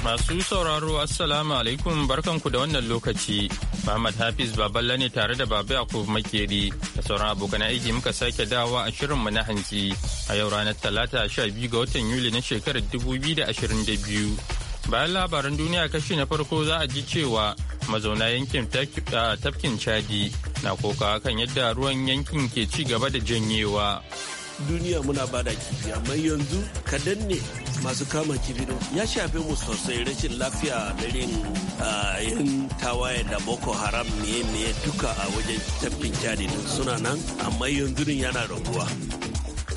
Masu sauraro Assalamu alaikum barkanku da wannan lokaci. Muhammad Hafiz Baballa ne tare da Baba Yakub Makeri da sauran abokan aiki muka sake dawa a shirin mu na hantsi a yau ranar Talata 12 ga watan Yuli na shekarar 2022. Bayan labaran duniya kashi na farko za a ji cewa mazauna yankin tafkin Chadi na koka kan yadda ruwan yankin ke ci gaba da janyewa. duniya muna bada kifi amma yanzu ka danne masu kama kifin ya shafe mu sosai rashin lafiya da rin ah, yin tawaye da boko haram ne ne duka a wajen tafin cadi suna nan amma yanzu din yana raguwa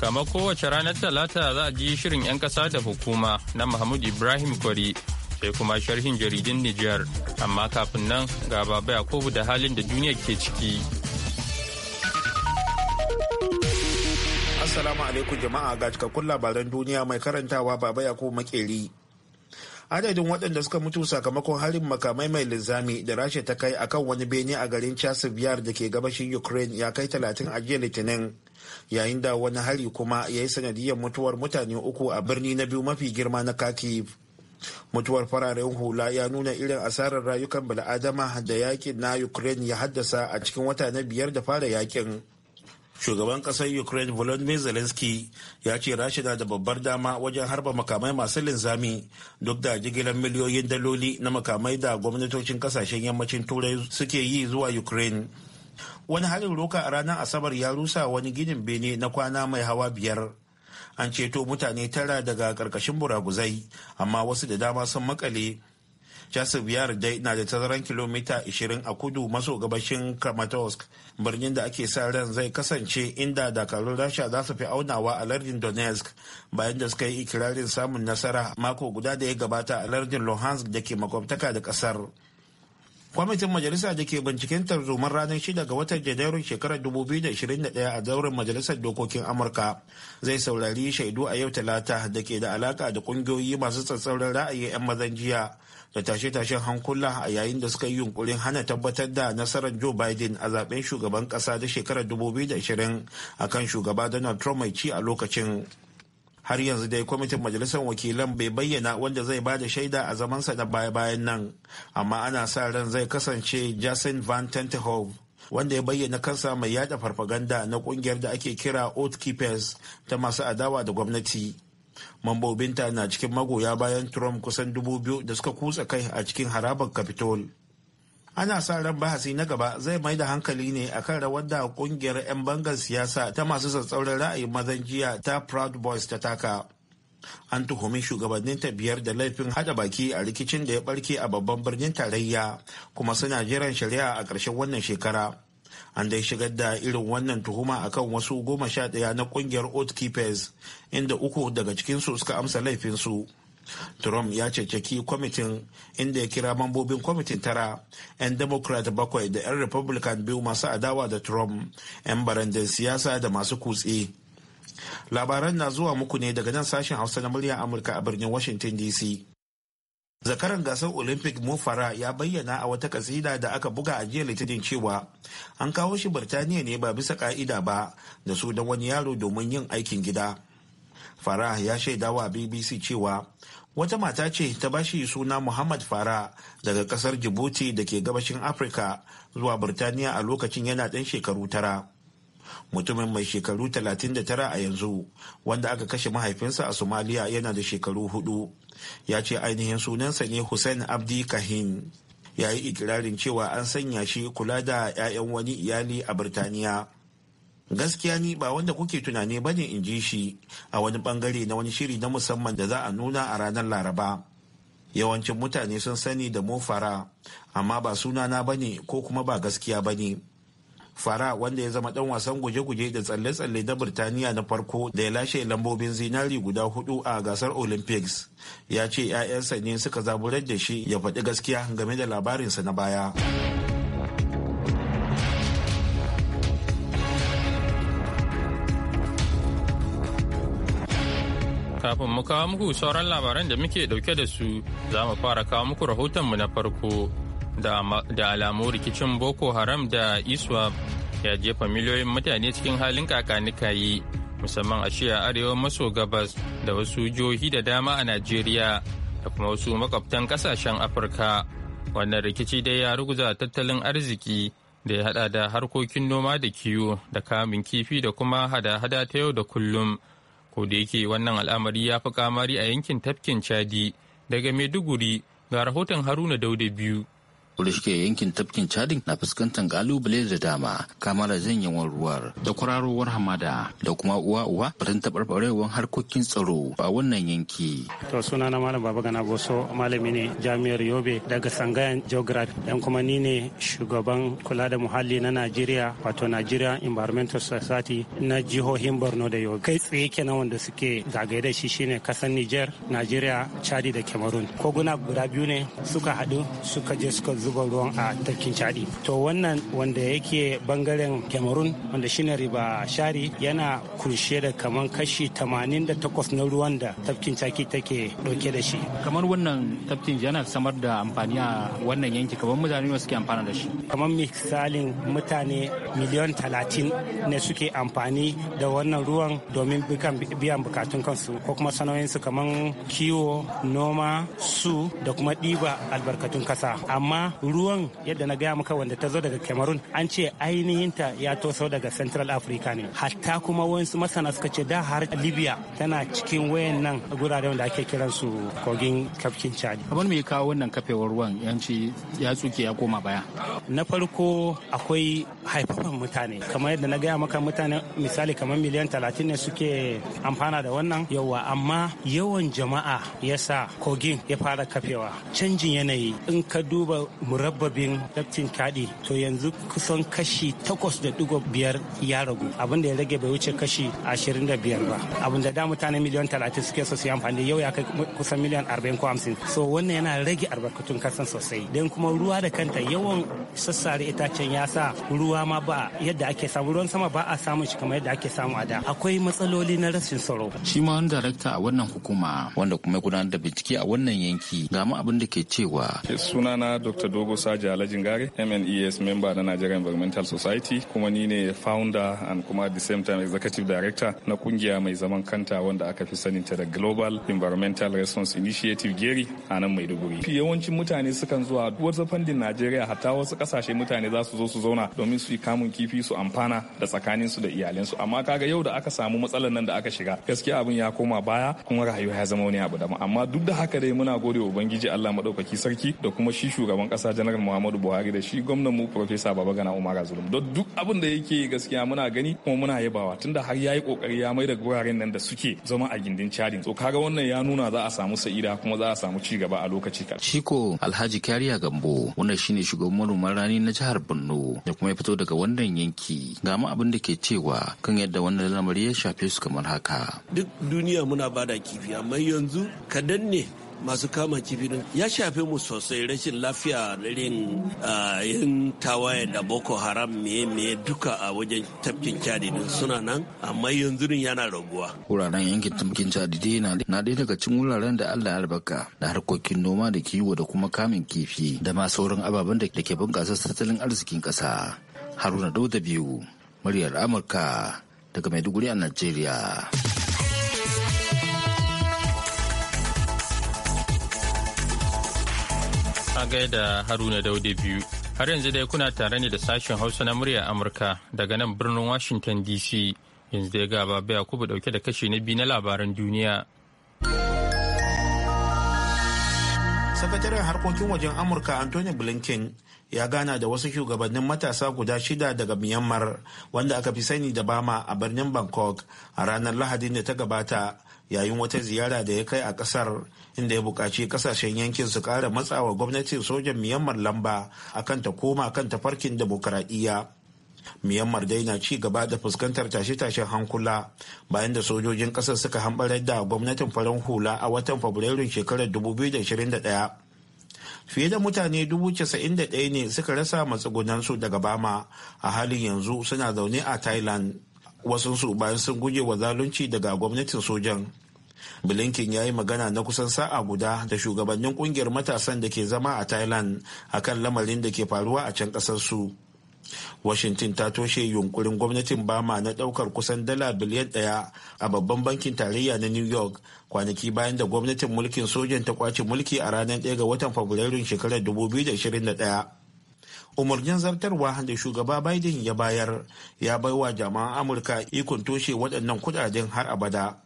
kama kowace ranar talata za a ji shirin 'yan kasa da hukuma na mahmud ibrahim kwari sai kuma sharhin jaridin nijar amma kafin nan ga baba yakubu da halin da duniya ke ciki Assalamu alaikum jama'a ga cikakkun labaran duniya mai karantawa baba Yakubu Makeri. Adadin waɗanda suka mutu sakamakon harin makamai mai linzami da rashe ta kai a kan wani bene a garin Chasivyar da ke gabashin Ukraine ya kai talatin a jiya Litinin. Yayin da wani hari kuma ya yi sanadiyar mutuwar mutane uku a birni na biyu mafi girma na Kharkiv. mutuwar fararen hula ya nuna irin asarar rayukan bala'adama da yakin na ukraine ya haddasa a cikin wata na biyar da fara yakin shugaban kasar ukraine volodymyr zelensky ya ce rashi na da babbar dama wajen harba makamai masu linzami duk da jigilar miliyoyin daloli na makamai da gwamnatocin kasashen yammacin turai suke yi zuwa ukraine wani haɗin roka a ranar asabar ya rusa wani ginin bene na kwana mai hawa biyar an ceto mutane tara daga karkashin buraguzai amma wasu da dama sun makale Chasib Yar dai na da tazaran kilomita 20 a kudu maso gabashin Kramatorsk, birnin da ake sa ran zai kasance inda dakarun Rasha za su fi aunawa a lardin Donetsk bayan da suka yi ikirarin samun nasara mako guda da ya gabata a lardin Luhansk da ke makwabtaka da kasar. kwamitin majalisa da ke binciken tarzoman ranar 6 ga watan janairun shekarar 2021 a zauren majalisar dokokin amurka zai saurari shaidu a yau talata da ke da alaka da kungiyoyi masu tsatsauran ra'ayi 'yan mazan jiya da tashe-tashen hankula a yayin da suka yi yunkurin hana tabbatar da nasarar Joe Biden a zaben shugaban kasa da shekarar 2020 a kan shugaba Donald Trump mai ci a lokacin. Har yanzu dai kwamitin majalisar wakilan bai bayyana wanda zai ba da shaida a zamansa da baya-bayan nan, amma ana sa ran zai kasance Jason Van Tentehove. wanda ya bayyana kansa mai yada farfaganda na kungiyar da ake kira oath keepers ta masu adawa da gwamnati mambobinta na cikin magoya bayan trump kusan dubu biyu da suka kutsa kai a cikin harabar capitol ana sa ran bahasi na gaba zai mai da hankali ne akan rawar da kungiyar 'yan bangar siyasa ta masu tsatsauran ra'ayin mazan jiya ta proud boys ta taka an tuhumi shugabannin ta biyar da laifin hada baki a rikicin da ya barke a babban birnin tarayya kuma suna jiran shari'a a ƙarshen wannan shekara an dai shigar da irin wannan tuhuma kan wasu goma sha ɗaya na kungiyar oath keepers inda uku daga cikinsu suka amsa laifinsu trump ya ceceki kwamitin inda ya kira mambobin kwamitin tara 'yan democrat bakwai da 'yan republican biyu masu adawa da trump 'yan barandan siyasa da masu kutse labaran na zuwa muku ne daga nan sashen hausa na murya amurka a birnin washington dc zakaran gasar olympic fara ya bayyana a wata kasida da aka buga a jiya litinin cewa an kawo shi birtaniya ne ba bisa ka'ida ba da su don wani yaro domin yin aikin gida farah ya shaida wa bbc cewa wata mata ce ta ba shi suna muhammad fara daga kasar djibouti da ke gabashin afirka zuwa birtaniya a lokacin yana ɗan shekaru tara mutumin mai shekaru 39 a yanzu wanda aka kashe mahaifinsa a somaliya yana da shekaru hudu ya ce ainihin sunansa ne hussein abdi kahin ya yi ikirarin cewa an sanya shi kula da 'ya'yan wani iyali a birtaniya gaskiya ni ba wanda kuke tunani ba ne in ji shi a wani bangare na wani shiri na musamman da za a nuna a ranar laraba yawancin mutane sun sani da mofara amma ba sunana ba ne ko kuma ba gaskiya ba ne fara wanda ya zama dan wasan guje-guje da tsalle-tsalle na birtaniya na farko da ya lashe lambobin zinari guda hudu a gasar olympics ya ce 'ya'yansa ne suka zaburar da shi ya faɗi gaskiya game da labarinsa na baya kafin mu kawo muku sauran labaran da muke dauke da su za mu fara kawo muku rahotonmu na farko da alamu rikicin boko haram da iswa ya jefa miliyoyin mutane cikin halin kakanikayi musamman a shiya arewa maso gabas da wasu jihohi da dama a najeriya da kuma wasu makwabtan kasashen afirka wannan rikici dai ya ruguza tattalin arziki da ya hada da harkokin noma da kiwo da kamun kifi da kuma hada-hada ta yau da kullum ko da yake wannan al'amari ya fi kamari a yankin tafkin chadi daga maiduguri ga rahoton haruna dauda biyu shi ke yankin tafkin chadin na fuskantar kalubale da dama kama da yawan ruwar da kwararowar hamada da kuma uwa uwa batun taɓarɓarewar harkokin tsaro a wannan yanki. to suna na malam baba gana boso malami ne jami'ar yobe daga sangayan geograph dan kuma ni ne shugaban kula da muhalli na najeriya wato najeriya environmental society na jihohin borno da yobe kai tsaye kenan wanda suke zagaye da shi shine kasan niger najeriya chadi da cameroon koguna guda biyu ne suka haɗu suka je suka zuba ruwan a tafkin chadi to wannan wanda yake bangaren cameroon wanda shine riba shari yana kunshe da kaman kashi 88 na ruwan da tafkin chaki take dauke da shi kamar wannan tafkin yana samar da amfani a wannan yanki kamar mutane ne suke amfana da shi kamar misalin mutane miliyan 30 ne suke amfani da wannan ruwan domin biyan bukatun kansu ko kuma sana'o'insu kamar kiwo noma su da kuma diba albarkatun kasa amma ruwan yadda na gaya maka wanda ta zo daga cameroon an ce ainihinta ya toso daga central africa ne hatta kuma wasu masana suka ce da har libya tana cikin wayan nan gurare da ake kiran su kogin kafkin chad abin mai kawo wannan kafewar ruwan yanci ya tsuke ya koma baya na farko akwai haifafan mutane kamar yadda na gaya maka mutane misali kamar miliyan talatin ne suke amfana da wannan yawa amma yawan jama'a ya sa kogin ya fara kafewa canjin yanayi in ka duba murabbabin laftin kadi to yanzu kusan kashi takwas da digo biyar ya ragu abin da ya rage bai wuce kashi ashirin da biyar ba abin da da mutane miliyan talatin suke so su yi amfani yau ya kai kusan miliyan arba'in ko hamsin so wannan yana rage albarkatun kasan sosai don kuma ruwa da kanta yawan sassare itacen ya sa ruwa ma ba yadda ake samu ruwan sama ba a samun shi kamar yadda ake samu a da akwai matsaloli na rashin tsaro shi ma wani darakta a wannan hukuma wanda kuma gudanar da bincike a wannan yanki ga ma abin da ke cewa sunana dr Dogo Saja Alhajin Gare, MNES member na Nigeria Environmental Society, kuma ni ne founder and kuma at the same time executive director na kungiya mai zaman kanta wanda aka fi ta da Global Environmental Response Initiative Geri a nan Maiduguri. Yawancin mutane sukan zuwa wasu fandin Najeriya hatta wasu kasashe mutane za su zo su zauna domin su yi kamun kifi su amfana da tsakanin su da iyalansu amma kaga yau da aka samu matsalar nan da aka shiga gaskiya abin ya koma baya kuma rayuwa ya zama wani abu da amma duk da haka dai muna gode wa ubangiji Allah madaukaki sarki da kuma shi shugaban kasa kasa janar muhammadu buhari da shi gwamnan mu profesa gana umar zulum don duk abin da yake gaskiya muna gani kuma muna yabawa tunda har ya yi kokari ya mai da guraren nan da suke zama a gindin cadin to kaga wannan ya nuna za a samu sa'ida kuma za a samu ci gaba a lokaci kan shiko alhaji kariya gambo wannan shine shugaban manoman rani na jihar borno da kuma ya fito daga wannan yanki ga mu abin da ke cewa kan yadda wannan lamari ya shafe su kamar haka duk duniya muna bada kifi amma yanzu kadan ne masu kama kifi din ya shafe mu sosai rashin lafiya irin ah, yin tawaye da boko haram meye meye duka a wajen tafkin cadi suna nan amma yanzu din yana raguwa wuraren yankin tafkin cadi na dai daga cikin wuraren da allah albarka da harkokin noma da kiwo da kuma kamun kifi da ma sauran ababen da ke bunƙasa tattalin arzikin ƙasa haruna dauda biyu muryar amurka daga maiduguri a najeriya A gaida Haruna Daude biyu. Har yanzu dai kuna tare ne da sashen Hausa na murya Amurka daga nan birnin Washington DC. Yanzu dai ga Baba Yakubu dauke da kashe na biyu na labaran duniya. Sakataren harkokin wajen Amurka antony Blinken ya gana da wasu shugabannin matasa guda shida daga Myanmar wanda aka fi sani da Bama a birnin Bangkok a ranar Lahadin da ta gabata yayin wata ziyara da ya kai a kasar inda ya buƙaci kasashen yankin su ƙara matsawa gwamnatin sojan Myanmar lamba a kan ta koma kan tafarkin demokuraɗiyya. Myanmar dai na ci gaba da fuskantar tashe-tashen hankula bayan da sojojin ƙasar suka hambarar da gwamnatin farin hula a watan Fabrairun shekarar 2021. Fiye da mutane 91 ne suka rasa matsugunansu daga Bama a halin yanzu suna zaune a Thailand. Wasunsu bayan sun guje wa zalunci daga gwamnatin sojan. blinken ya yi magana na kusan sa'a guda da shugabannin kungiyar matasan da ke zama a thailand kan lamarin da ke faruwa a can kasarsu washington ta toshe yunkurin gwamnatin bama na ɗaukar kusan dala biliyan daya a babban bankin tarayya na new york kwanaki bayan da gwamnatin mulkin sojan ta kwace mulki a ranar 1 ga watan fabrairun shekarar 2021 umarnin zartarwa da shugaba biden ya bayar ya baiwa jama'an amurka ikon toshe waɗannan kudaden har abada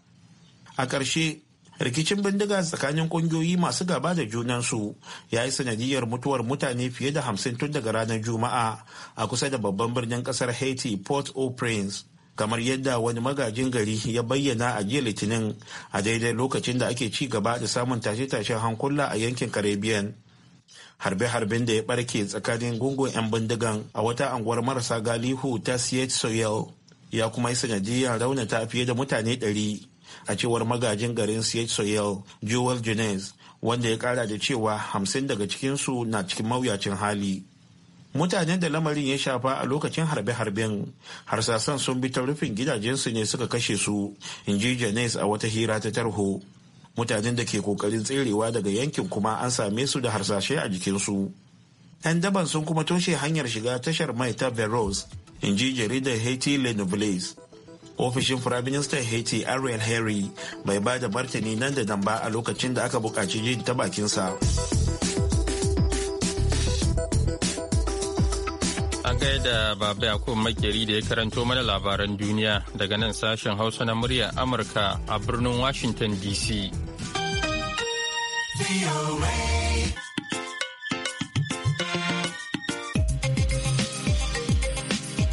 a ƙarshe rikicin bindiga tsakanin ƙungiyoyi masu gaba da junansu ya yi sanadiyar mutuwar mutane fiye da hamsin tun daga ranar juma'a a kusa da babban birnin ƙasar haiti port au prince kamar yadda wani magajin gari ya bayyana a jiya litinin a daidai lokacin da ake ci gaba da samun tashe-tashen hankula a yankin caribbean harbe-harben da ya barke tsakanin gungun 'yan bindigan a wata anguwar marasa galihu ta siet soyel ya kuma yi sanadiyar raunata fiye da mutane 100 a cewar magajin garin Siege Soyel, Joel wanda ya kara da cewa hamsin daga cikinsu na cikin mawuyacin hali. Mutanen da lamarin ya shafa a lokacin harbe-harben harsasan sun bi ta rufin gidajensu ne suka kashe su, in ji Janes a wata hira ta tarho. Mutanen da ke kokarin tserewa daga yankin kuma an same su da harsashe a jikinsu. 'Yan daban sun kuma toshe hanyar shiga tashar mai ta Veros, in ji jaridar Haiti Le ofishin firaministan haiti ariel henry bai ba da martani nan da nan ba a lokacin da aka bukaci yin ta bakinsa a gaida baba yakub makeri da ya karanto mana labaran duniya daga nan sashen hausa na muryar amurka a birnin washington dc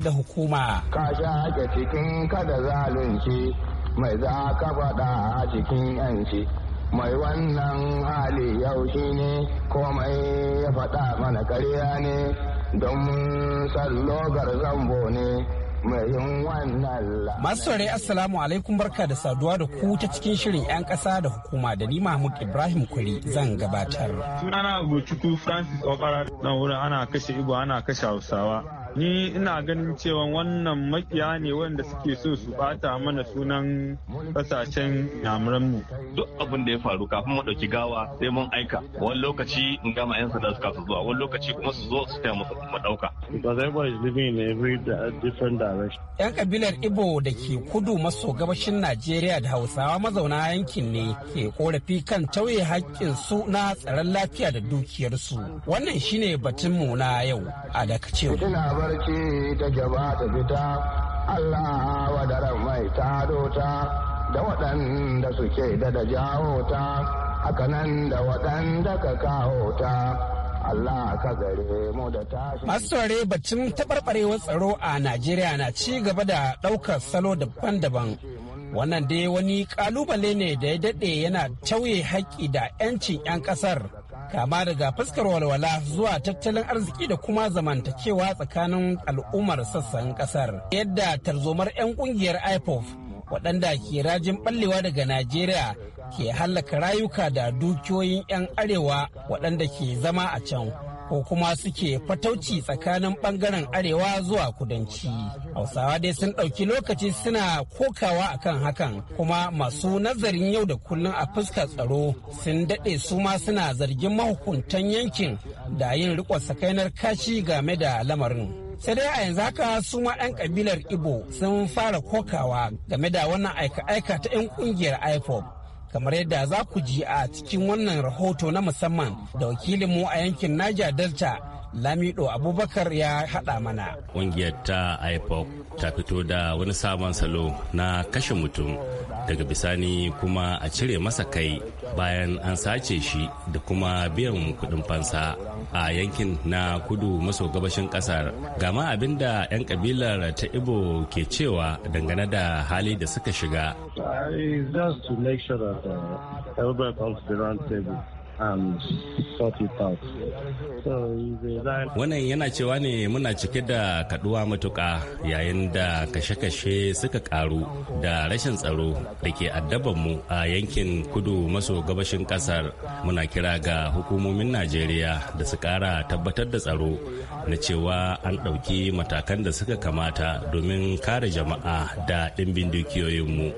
da hukuma. Ka sha cikin kada zalunci mai za ka faɗa a cikin yanci. Mai wannan hali yau shi ne komai ya faɗa mana karya ne don sallogar zambo ne. Masu saurari Assalamu alaikum barka da saduwa da ku ta cikin shirin 'yan ƙasa da hukuma da ni Mahmud Ibrahim Kuri zan gabatar. Sunana Gochuku Francis Okara na wurin ana kashe Igbo ana kashe Hausawa. ni ina ganin cewa wannan makiya ne wanda suke so su bata mana sunan kasashen yamuran mu duk abin da ya faru kafin mu dauki gawa sai mun aika wani lokaci in gama yan da suka su zuwa wani lokaci kuma su zo su taya mu dauka because everybody is living in every different direction 'Yan kabilar Ibo da ke kudu maso gabashin Najeriya da Hausawa mazauna yankin ne ke korafi kan tauye hakkin na tsaron lafiya da dukiyarsu. Wannan shine batunmu na yau a daga cewa. Allah wadaran mai ta da waɗanda suke da da jawo ta, hakanan da waɗanda ka kawo ta. Allah ka gare mu da tashi. Masu saurare baccin taɓarɓarewar tsaro a Najeriya na ci gaba da ɗaukar salo daban-daban. Wannan dai wani ƙalubale ne da ya daɗe yana tauye haƙƙi da 'yancin 'yan ƙasar. Kama daga fuskar walwala zuwa tattalin arziki da kuma zamantakewa tsakanin al'ummar sassan ƙasar. Yadda tarzomar 'yan ƙungiyar IPOF waɗanda ke rajin ɓallewa daga Najeriya ke hallaka rayuka da dukiyoyin 'yan arewa waɗanda ke zama a can. ko kuma suke fatauci tsakanin ɓangaren arewa zuwa kudanci hausawa dai sun ɗauki lokaci suna kokawa akan hakan kuma masu nazarin yau da kullum a fuskar tsaro sun daɗe su ma suna zargin mahukuntan yankin da yin riƙon sakainar kashi game da lamarin sai dai a yanzu haka su ma 'yan kabilar ibo sun fara kokawa game da wannan aika-aika ta 'yan kungiyar ipob kamar yadda za ku ji a cikin wannan rahoto na musamman da wakilinmu a yankin niger delta Lamido Abubakar ya haɗa mana. Ƙungiyar ta IPOC ta fito da wani sabon salo na kashe mutum daga bisani kuma a cire masa kai bayan an sace shi da kuma biyan kuɗin fansa a yankin na kudu maso gabashin ƙasar. Gama abin da 'yan kabilar ta Ibo ke cewa dangane da hali da suka shiga. Wannan yana cewa ne muna cike da kaduwa matuka yayin da kashe-kashe suka karu da rashin tsaro da ke mu a yankin kudu maso gabashin kasar muna kira ga hukumomin Najeriya da su kara tabbatar da tsaro na cewa an ɗauki matakan da suka kamata domin kare jama'a da ɗimbin dukiyoyinmu.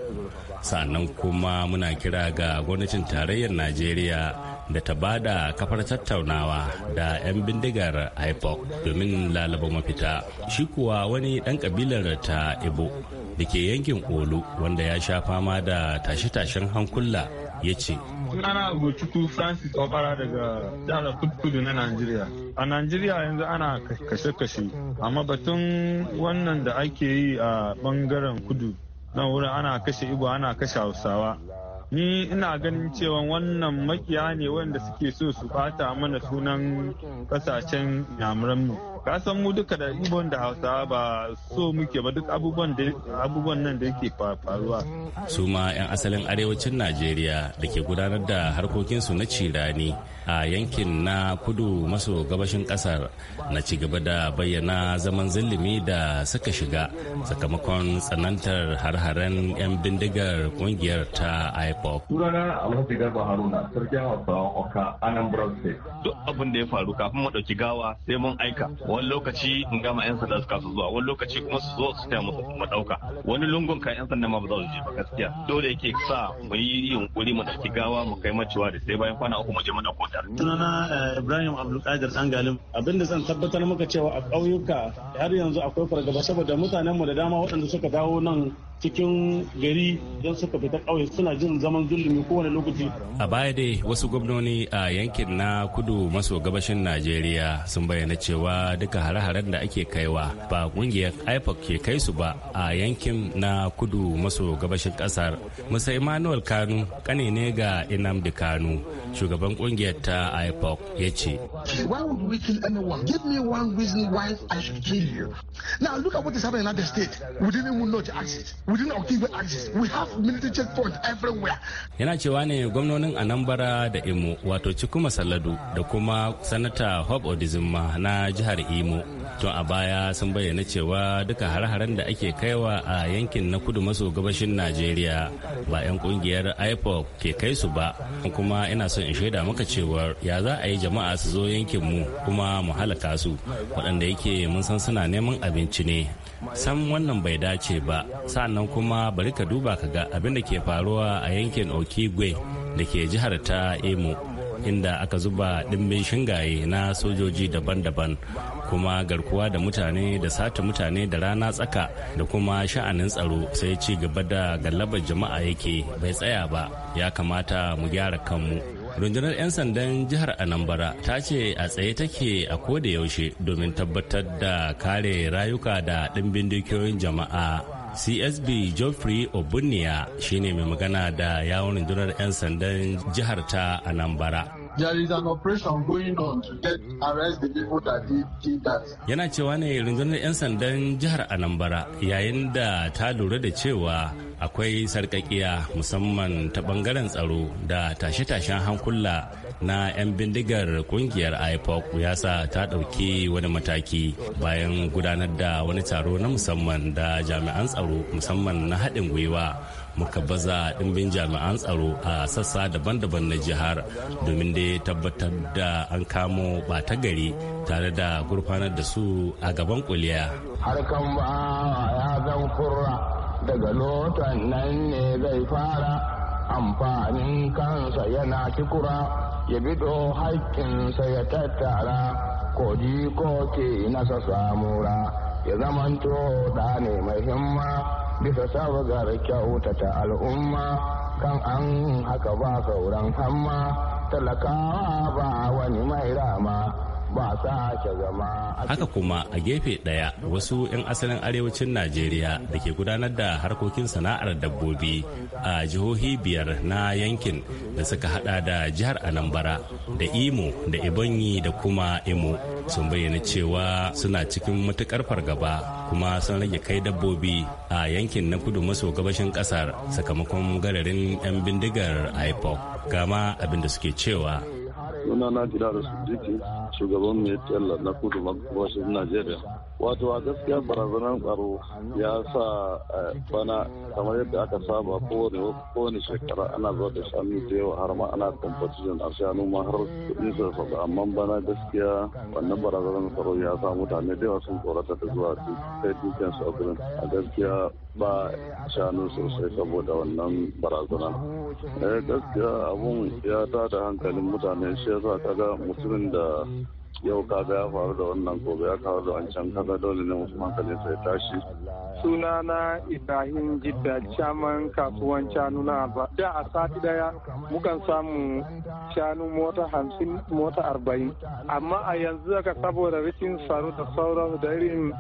sannan kuma muna kira ga gwamnatin tarayyar najeriya da ta bada kafar tattaunawa da 'yan bindigar ipoc domin lalaba mafita shi kuwa wani ɗan kabilar ta ibo da ke yankin olu wanda ya sha fama da tashe-tashen hankula ya ce sunana gochuku francis obara daga jihar kudu na nigeria a nigeria yanzu ana kashe-kashe amma batun wannan da ake yi a bangaren kudu nan wurin ana kashe ibo ana kashe hausawa ni ina ganin cewa wannan makiya ne wanda suke so su bata mana sunan kasashen yamuranmu ka san mu duka da ibon da hausa ba so muke ba duk abubuwan nan da yake faruwa su ma 'yan asalin arewacin najeriya da ke gudanar da harkokinsu na cirani a yankin na kudu maso gabashin kasar na ci gaba da bayyana zaman zillimi da suka shiga sakamakon tsanantar har-haren 'yan bindigar kungiyar ta ipop sunana alhaji garba haruna oka anambra state duk abin da ya faru kafin mu ɗauki gawa sai mun aika wani lokaci in gama yan sanda suka su zuwa wani lokaci kuma su zo su taya musu mu dauka wani lungun kan yan sanda ma ba za su je ba gaskiya dole yake sa mu yi yunkuri mu dauki gawa mu kai macewa da sai bayan kwana uku mu je mana kota sunana eh, Ibrahim qadir dan galim abinda zan tabbatar maka cewa a kauyuka har yanzu akwai fargaba saboda mutanen mu da dama waɗanda suka dawo nan cikin gari don suka fita ƙauye suna jin zaman zulumi kowane lokaci. A baya dai wasu gwamnoni a yankin na kudu maso gabashin Najeriya sun bayyana cewa duka hare-haren da ake kaiwa ba kungiyar IPOC ke kai su ba a yankin na kudu maso gabashin ƙasar. Musa Emmanuel Kanu kane ne ga Inamdi Kanu shugaban kungiyar ta IPOC ya ce. Why would we kill anyone? Give me one reason why I should kill you. Now look at what is happening in the state. We didn't even know the access. within axis. We have military checkpoints everywhere. Yana cewa ne gwamnonin Anambra da Imo wato Chikuma Salladu da kuma Sanata Hope odizuma na jihar Imo. Tun a baya sun bayyana cewa duka har-haren da ake kaiwa a yankin na kudu maso gabashin Najeriya ba 'yan kungiyar IPOC ke kai su ba. Kuma ina son in shaida maka cewa ya za a yi jama'a su zo yankin mu kuma mu halaka su waɗanda yake mun san suna neman abinci ne san wannan bai dace ba sannan kuma bari ka duba ka ga abin da ke faruwa a yankin okigwe da ke jihar ta emo inda aka zuba dimbin shingaye na sojoji daban-daban kuma garkuwa da mutane da sata mutane da rana tsaka da kuma sha'anin tsaro sai ci gaba da gallabar jama'a yake bai tsaya ba ya kamata mu gyara kanmu rundunar 'yan sandan jihar anambra ta ce a tsaye take a ko da yaushe domin tabbatar da kare rayuka da ɗimbin dukiyoyin jama'a csb geoffrey obunia shine mai magana da yawon rundunar 'yan sandan jihar ta anambra There is an operation going on to get arrest the people that did, that. Yana cewa ne rundunar 'yan sandan jihar Anambra yayin da ta lura da cewa akwai sarkakiya musamman ta bangaren tsaro da tashe-tashen hankula na 'yan bindigar kungiyar ipoc ya sa ta ɗauki wani mataki bayan gudanar da wani taro na musamman da jami'an tsaro musamman na haɗin gwiwa muka baza ɗimbin jami'an tsaro a sassa daban-daban na jihar domin dai tabbatar da an kamo ɓata gari tare da gurfanar da su a gaban kuliya. Harkan ba ya zan kurra daga lotan nan ne zai fara amfanin kansa yana kikura ya bido haƙƙinsa ya tattara kodi ko ke nasa samura ya zamanto da ne mai himma bisa sabgar kyautata al'umma kan an haka ba sauran hamma talakawa ba wani mai rama haka kuma a gefe ɗaya wasu 'yan asalin arewacin najeriya da ke gudanar da harkokin sana'ar dabbobi a jihohi biyar na yankin da suka hada da jihar anambra da imo da ibanyi da kuma imo sun bayyana cewa suna cikin matukar fargaba kuma sun rage kai dabbobi a yankin na kudu maso gabashin kasar sakamakon gararin 'yan bindigar ipo gama abin da suke cewa sunana da Siddiqui shugaban mai talla na kudu maso Najeriya. wato a gaskiya barazanar tsaro ya sa eh, bana kamar yadda aka saba kowane kowane shekara ana zuwa da shanu da yawa har ma ana competition a shanu ma har kudin su amma bana gaskiya wannan barazanar tsaro ya sa mutane da yawa sun tsorata da zuwa sai dukkan su a gaskiya ba shanu sosai saboda wannan barazanar eh, gaskiya abun ya da hankalin mutane shi ya sa kaga mutumin da yau ka kaga ya faru da wannan gobe ya faru da wancan kaga dole ne mutum hankalin sai tashi na ibrahim jidda caman kasuwan shanu na ba da a sati daya mukan samu shanu mota hamsin mota arba'in amma a yanzu daga saboda rikin tsaro da sauran da irin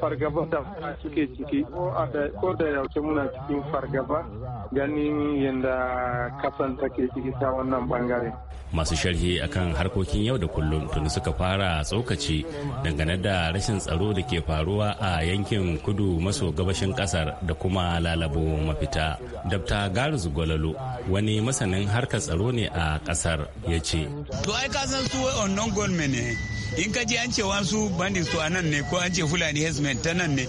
fargaba da suke ciki ko da yauke muna cikin fargaba ganin yadda kasan take ciki ta wannan bangare masu sharhi akan harkokin yau da kullum tun suka suka fara tsokaci dangane da rashin tsaro da ke faruwa a yankin kudu maso gabashin kasar da kuma lalabo mafita. Dabta Garzu Gwalalo wani masanin harkar tsaro ne a kasar ya ce. To ai ka san su gwamnati ne in ka je an ce wasu bandits to anan ne ko an ce fulani hesmen ta nan ne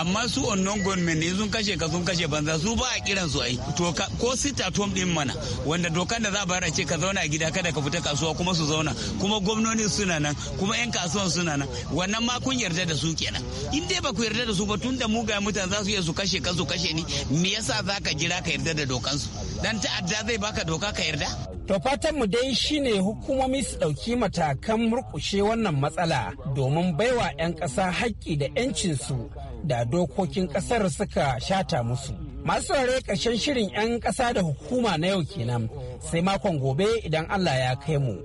amma su onnon gonmen ne sun kashe ka sun kashe banza su ba a kiran su ai to ko sita tom din mana wanda dokan da za bayar a ce ka zauna gida kada ka fita kasuwa kuma su zauna kuma gwamnoni suna nan kuma yan kasuwan suna nan wannan ma kun yarda da su kenan in dai ba ku yarda da su ba tun da ga mutane za su iya su kashe ka su kashe ni me yasa za ka jira ka yarda da dokansu dan ta'adda zai baka doka ka yarda To fatan mu dai shine hukumomi su ɗauki matakan murkushe wannan matsala domin baiwa 'yan ƙasa haƙƙi da 'yancinsu da dokokin ƙasar suka shata musu. Masu rare ƙarshen shirin 'yan ƙasa da hukuma na yau kenan sai makon gobe idan Allah ya kai mu.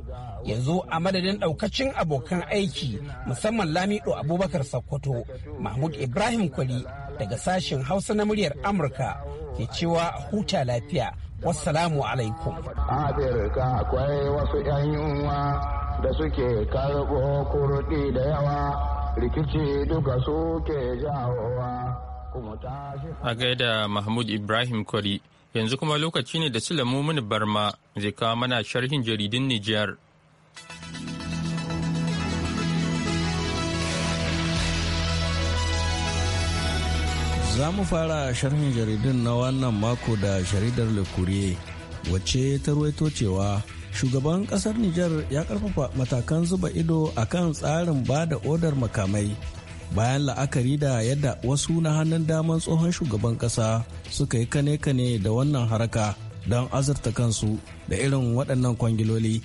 Yanzu a madadin ɗaukacin abokan aiki musamman Lamido Abubakar Sokoto, Mahmud Ibrahim Kwali daga sashen Hausa na muryar Amurka ke cewa huta lafiya. Wassalamu alaikum. Afirka akwai wasu 'yan yunwa da suke karɓo kurɗi da yawa rikici duka suke jawowa. A gaida Mahmud Ibrahim kori yanzu kuma lokaci ne da Sulamu Mini Barma zai kawo mana sharhin jaridun nijiyar. Za mu fara sharhin jaridun na wannan mako da jaridar Le wacce ta ruwaito cewa shugaban kasar Nijar ya karfafa matakan zuba ido a kan tsarin ba da odar makamai bayan la'akari da yadda wasu na hannun daman tsohon shugaban kasa suka yi kane-kane da wannan haraka don azurta kansu da irin waɗannan kwangiloli.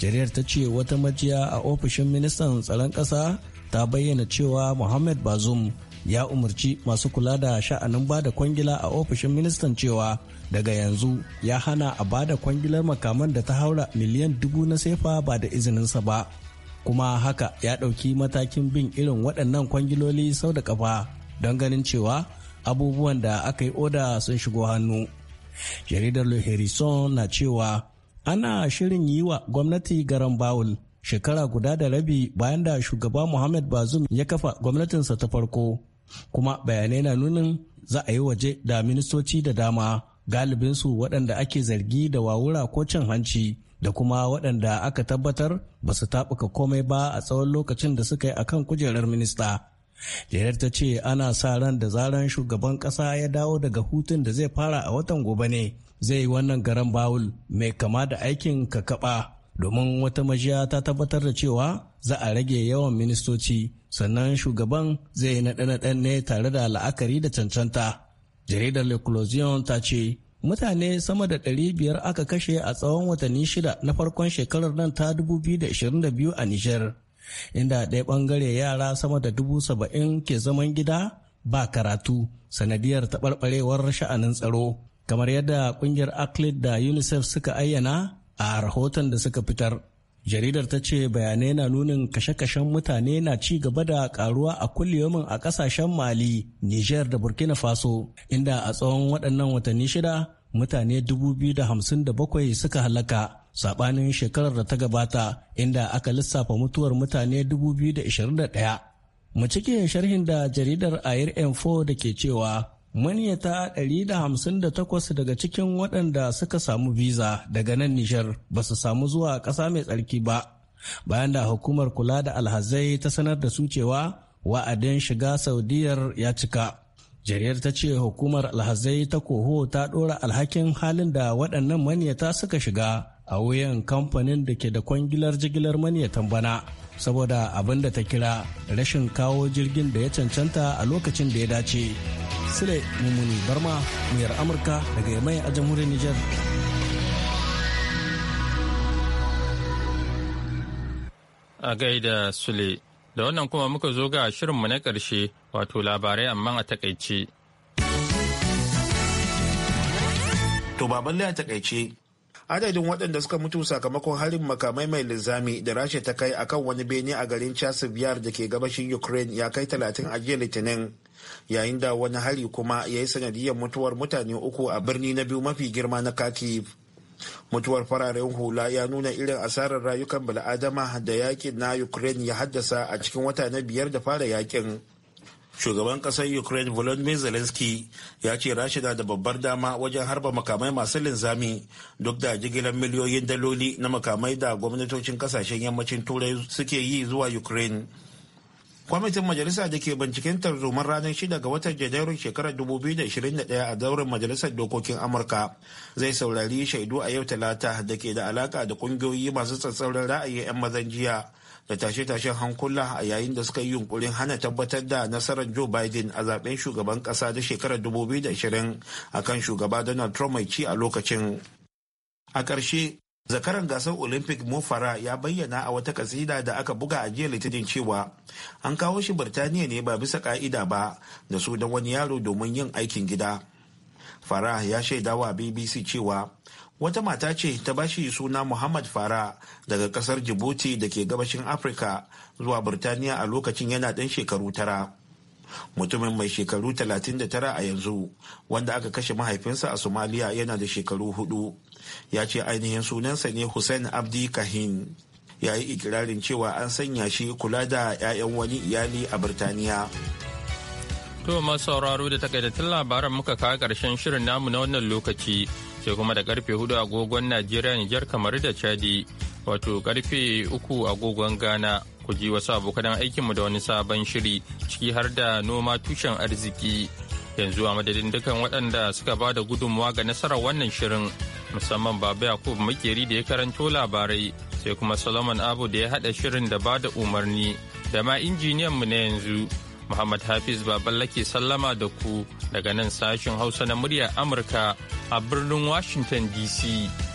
jaridar ta ce wata majiya a ofishin ministan tsaron ƙasa ta bayyana cewa Muhammad Bazum ya umarci masu kula da sha'anin bada kwangila a ofishin ministan cewa daga yanzu ya hana a bada kwangilar makaman da ta haura miliyan dubu na sefa ba da izininsa ba kuma haka ya ɗauki matakin bin irin waɗannan kwangiloli sau da ƙafa don ganin cewa abubuwan da aka yi oda sun shigo hannu jaridar harrison na cewa ana shirin yi wa gwamnati garan bawul shekara guda da rabi bayan da shugaba Muhammad bazum ya kafa gwamnatinsa ta farko. kuma bayanai na nunin za a yi waje da ministoci da dama galibinsu waɗanda ake zargi da wawura ko cin hanci da kuma waɗanda aka tabbatar ba su taɓuka komai ba a tsawon lokacin da suka yi a kan kujerar minista. jerar ta ce ana sa ran da zaran shugaban ƙasa ya dawo daga hutun da zai fara a watan gobe ne zai yi wannan garan bawul mai kama da aikin kakaɓa domin wata majiya ta tabbatar da cewa za a rage yawan ministoci sannan shugaban zai naɗe-naɗen ne tare da la'akari da cancanta jaridar l'Eclosion ta ce mutane sama da 500 aka kashe a tsawon watanni shida na farkon shekarar nan ta 2022 a Nijar, inda ɗaya ɓangare yara sama da 70,000 ke zaman gida ba karatu sanadiyar taɓarɓarewar sha'anin tsaro. Kamar yadda ƙungiyar Aclid da UNICEF suka ayyana, a rahoton da suka fitar jaridar ta ce bayanai na nunin kashe-kashen mutane na ci gaba da karuwa a kulliyomin a kasashen mali niger da burkina faso inda a tsawon waɗannan watanni shida mutane bakwai suka halaka saɓanin shekarar da ta gabata inda aka lissafa mutuwar mutane ɗaya. mu cike sharhin da jaridar air m4 da ke cewa Manyata 158 daga cikin waɗanda suka samu visa daga nan Nijar ba su samu zuwa ƙasa mai tsarki ba, bayan da hukumar kula da alhazai ta sanar da su cewa wa'adin shiga Saudiyar ya cika. Jariyar ta ce hukumar alhazai ta koho ta ɗora alhakin halin da waɗannan manyata suka shiga a wuyan kamfanin da ke da kwangilar jigilar manyatan bana. saboda abin da ta kira rashin kawo jirgin da ya cancanta a lokacin da ya dace. Sule Mumuni Barma, muyar Amurka daga Yamai a jamhuriyar Nijar. A gaida Sule, da wannan kuma muka zo ga shirinmu na ƙarshe wato labarai amma a takaice. To baballe a takaice adadin waɗanda suka mutu sakamakon harin makamai mai linzami da rasha ta kai akan wani bene a garin chasiviyar da ke gabashin ukraine ya kai talatin a jiya litinin yayin da wani hari kuma ya yi sanadiyar mutuwar mutane uku a birni na biyu mafi girma na kharkiv mutuwar fararen hula ya nuna irin asarar rayukan bala'adama da yakin na ukraine ya haddasa a cikin wata na biyar da fara yakin shugaban kasar ukraine volodymyr zelensky ya ce rashi na da babbar dama wajen harba makamai masu linzami duk da jigilar miliyoyin daloli na makamai da gwamnatocin kasashen yammacin turai suke yi zuwa ukraine kwamitin majalisa da ke binciken tarzoman ranar 6 ga watan janairun shekarar 2021 a daurin majalisar dokokin amurka zai saurari shaidu a yau talata da ke da alaka da kungiyoyi masu tsatsauran ra'ayi 'yan mazan jiya da tashe-tashen hankula a yayin da suka yi yunkurin hana tabbatar da nasarar joe biden a zaben shugaban kasa da shekarar 2020 kan shugaba donald trump mai ci a lokacin a ƙarshe zakaran gasar olympic mofara ya bayyana a wata kasida da aka buga a jiya litinin cewa an kawo shi birtaniya ne ba bisa ka'ida ba da su da wani yaro domin yin aikin gida farah ya shaidawa bbc cewa wata mata ce ta bashi suna muhammad fara daga kasar djibouti da ke gabashin afirka zuwa birtaniya a lokacin yana ɗan shekaru tara mutumin mai shekaru 39 a yanzu wanda aka kashe mahaifinsa a Somalia yana da shekaru hudu ya ce ainihin sunansa ne hussein abdi kahin ya yi ikirarin cewa an sanya shi kula da 'ya'yan wani iyali a birtaniya To masu sauraro da takaitattun labaran muka kawo ƙarshen shirin namu na wannan lokaci sai kuma da karfe hudu agogon Najeriya Nijar kamar da Chadi wato karfe uku agogon Ghana ku ji wasu abokan aikinmu da wani sabon shiri ciki har da noma tushen arziki yanzu a madadin dukan waɗanda suka ba da gudunmawa ga nasarar wannan shirin musamman Baba Yakub Makeri da ya karanto labarai sai kuma Solomon Abu da ya haɗa shirin da ba da umarni da ma injiniyanmu na yanzu. Muhammad Hafiz Baballa ke sallama da ku daga nan sashin Hausa na muryar Amurka a birnin Washington DC.